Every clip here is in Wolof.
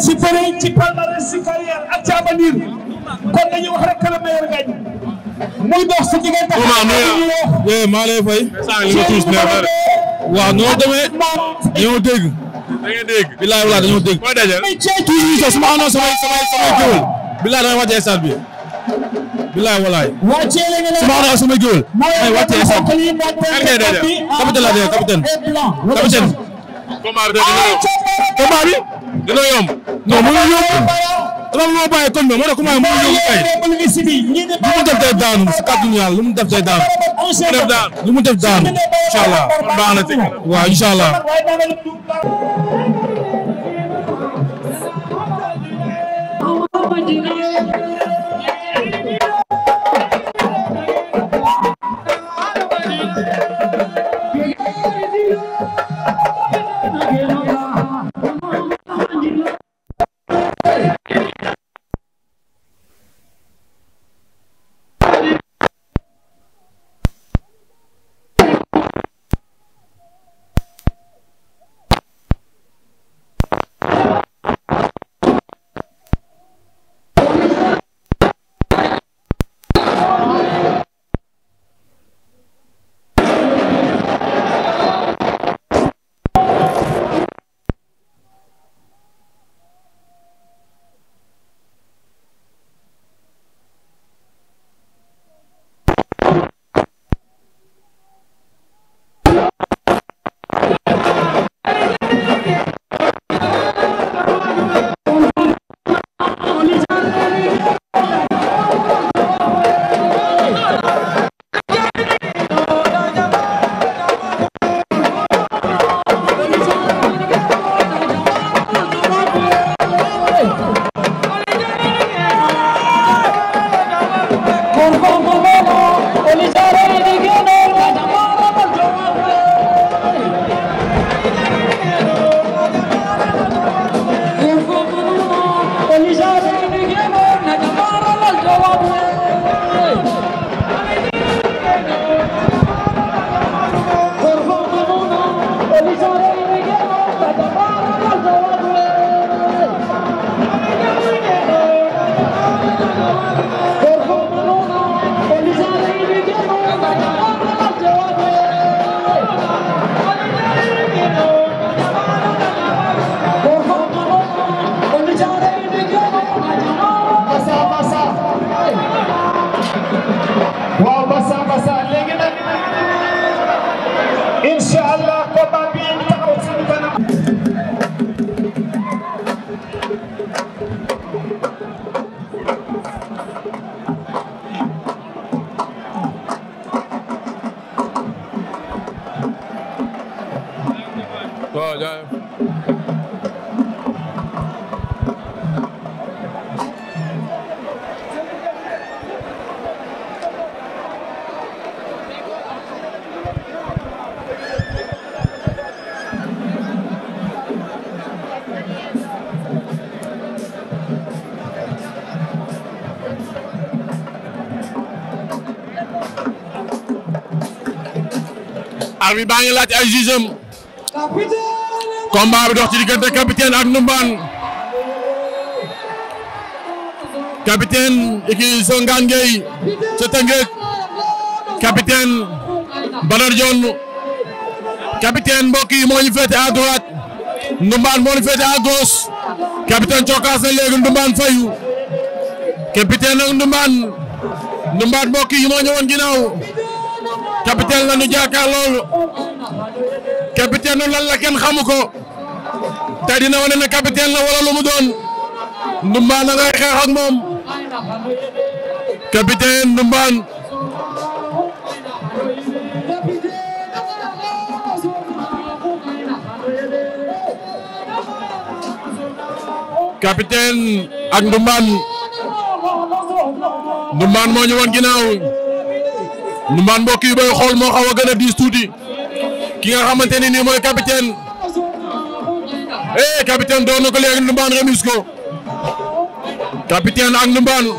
si pare ci palmarès si carrière ak ci avenir kon dañuy wax rek que le meilleur gagne muy dox si diggante. xam maa lay fay. waaw ñoo demee ñoo dégg. da ngeen dégg. bilaay walaay dañoo dégg. mooy dajal toujours sax su ma àndoon samay samay samay géwél. bilaay damay wàccee stade bi. bilaay walaay. laa dee capitaine. combat bi dina yomb. non mu ngi yomb. loolu moo bàyyi koñ bi moo tax ku ma yomb mu ngi tey lu mu def tey daanu si kàddu yàlla lu mu def tey daanu. lu mu def daanu incha allah baax na tey waaw incha allah. waaw basa basa léegi nag incha allah waaw jaay arbitre bi baa ngi laaj combat bi dox ci diggante capitaine ak Ndoumbane capitaine iki Songane Gueye ca Tëngéej capitaine Badar capitaine mbokk yi moo ñu féete à droite Ndoumbane moo ñu féete capitaine cokaas na léegi Ndoumbane fayu capitaine ak Ndoumbane Ndoumbane mbokk yi moo ñëwoon ginnaaw capitaine la ñu jaakaar loolu capitaine nu lan la kenn xamu ko te dina wane ne capitaine la wala lu mu doon Ndumbaan da ngay xeex ak moom capitaine Ndumbaan capitaine ak Ndumbaan Ndumbaan moo ñu woon ginnaaw Ndoumbane mbokk yi bay xool moo xaw a gën a diis tuuti ki nga xamante ne nii mooy capitaine eh capitaine doon na ko léegi Ndoumbane remis ko capitaine ak Ndoumbane eh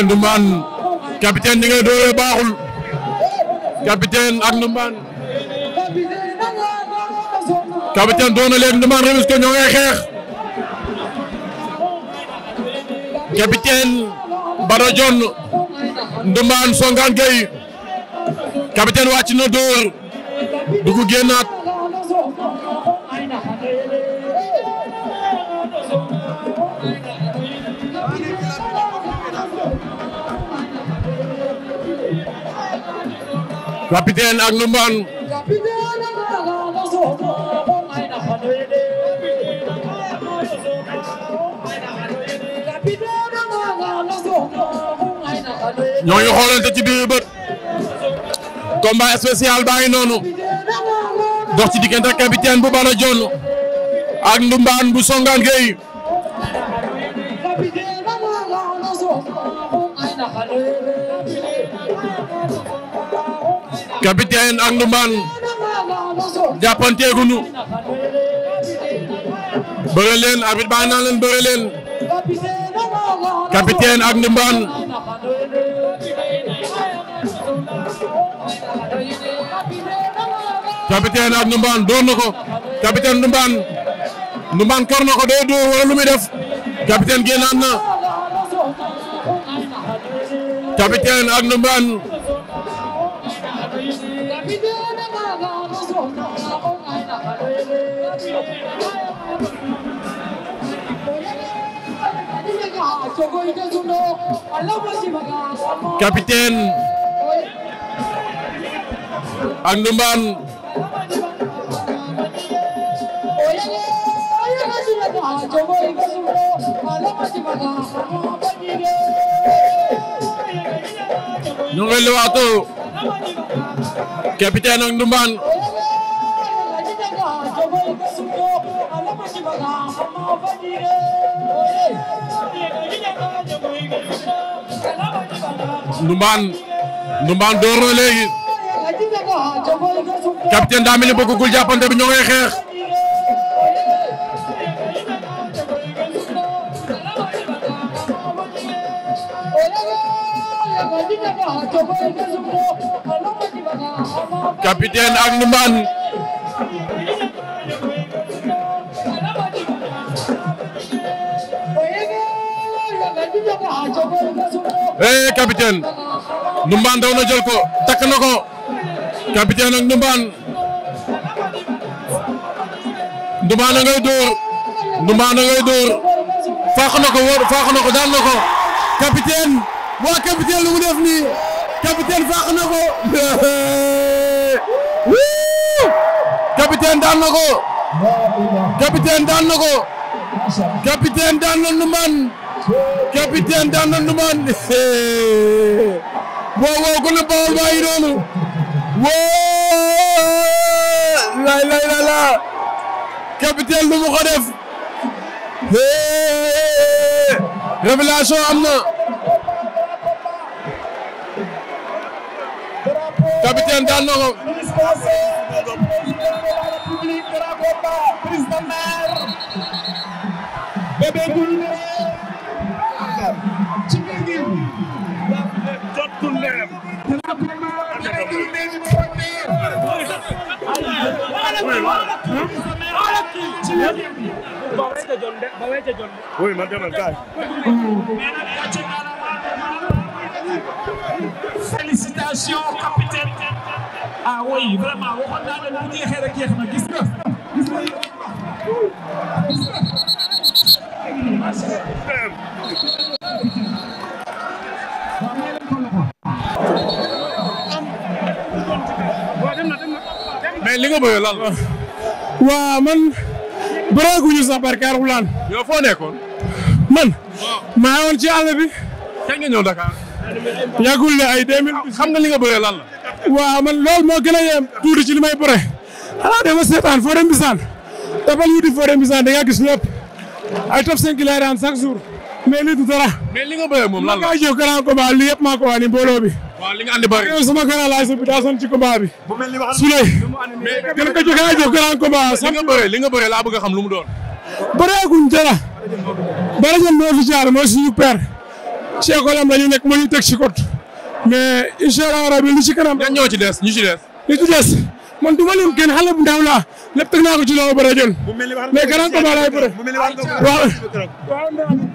Ndoumbane baaxul capitaine ak Ndoumbane capitaine doon na léegi Ndoumbane remis ñoo ngay capitaine Bada Dione Ndoumbane Songane Gueye capitaine wàcc na dóor dugg génnaat capitaine ak Ndoumbane ñoo ngi xoolante ci biir bët combat spécial baa ngi noonu dox ci diggante capitaine bu Bala Dione ak ndumbaan bu Songane Gueye capitaine ak ndumbaan jàppanteeguñu bëre leen baa naan leen bëre capitaine ak ndumbaan capitaine ak Ndoumbane dóor na ko capitaine Ndoumbane Ndoumbane kor na ko day dóor wala lu muy def capitaine génnaat na capitaine ak Ndoumbane capitaine ak Ndoumbane ñu ngi lu waxtu capitaine ak Ndumbaan Ndumbaan Ndumbaan door na léegi capitaine daa mel ni bëggul jàppante bi ñoo ngay xeex capitaine ak Ndoumbane eh capitaine Ndoumbane daw na jël ko takk na ko capitaine ak Ndoumbane Ndoumbane ngay dóor Ndoumbane ngay dóor faax na ko wóor faax na ko daan na ko capitaine waa capitaine lu mu def nii capitaine fàq na ko capitaine daan na ko capitaine daan na ko capitaine daan na Ndoumbane capitaine daan na Ndoumbane waaw waaw ku yi noonu woo lay lay la la capitaine lu mu ko def révélation am capitaine daan na ko. Uy, mándame al cash. félicitation capitaine ah oui vraiment waxoon naa leen bu jeexee rek jeex li nga bëgg lan la. man. maa woon ci àll bi. kañ nga ñëw Dakar. yàggul ne ay 2000. xam nga li nga bëree la. waaw man loolu moo gën a yem tuuti ci li may bëre. xanaa dama seetaan foo bisaan. dafal wuti foo dem bisaan da gis lépp. ay top 5 lay daan chaque jour. mais du dara. mais li bëree moom lan la ma ngaa grand combat lii yëpp maa ci combat bi. bu mel ni wax su lay. mais bëree laa bëgg a xam lu mu doon. bëreeguñ dara. bëri ngeen moo fi jaar mooy suñu père ci école am la ñu nekk moo teg ci kot mais incha allah rabi li kanam. ñan ñoo ci des ñu ci des. kenn xale bu ndaw laa lépp teg naa ci loolu ba rajo mais grand combat laay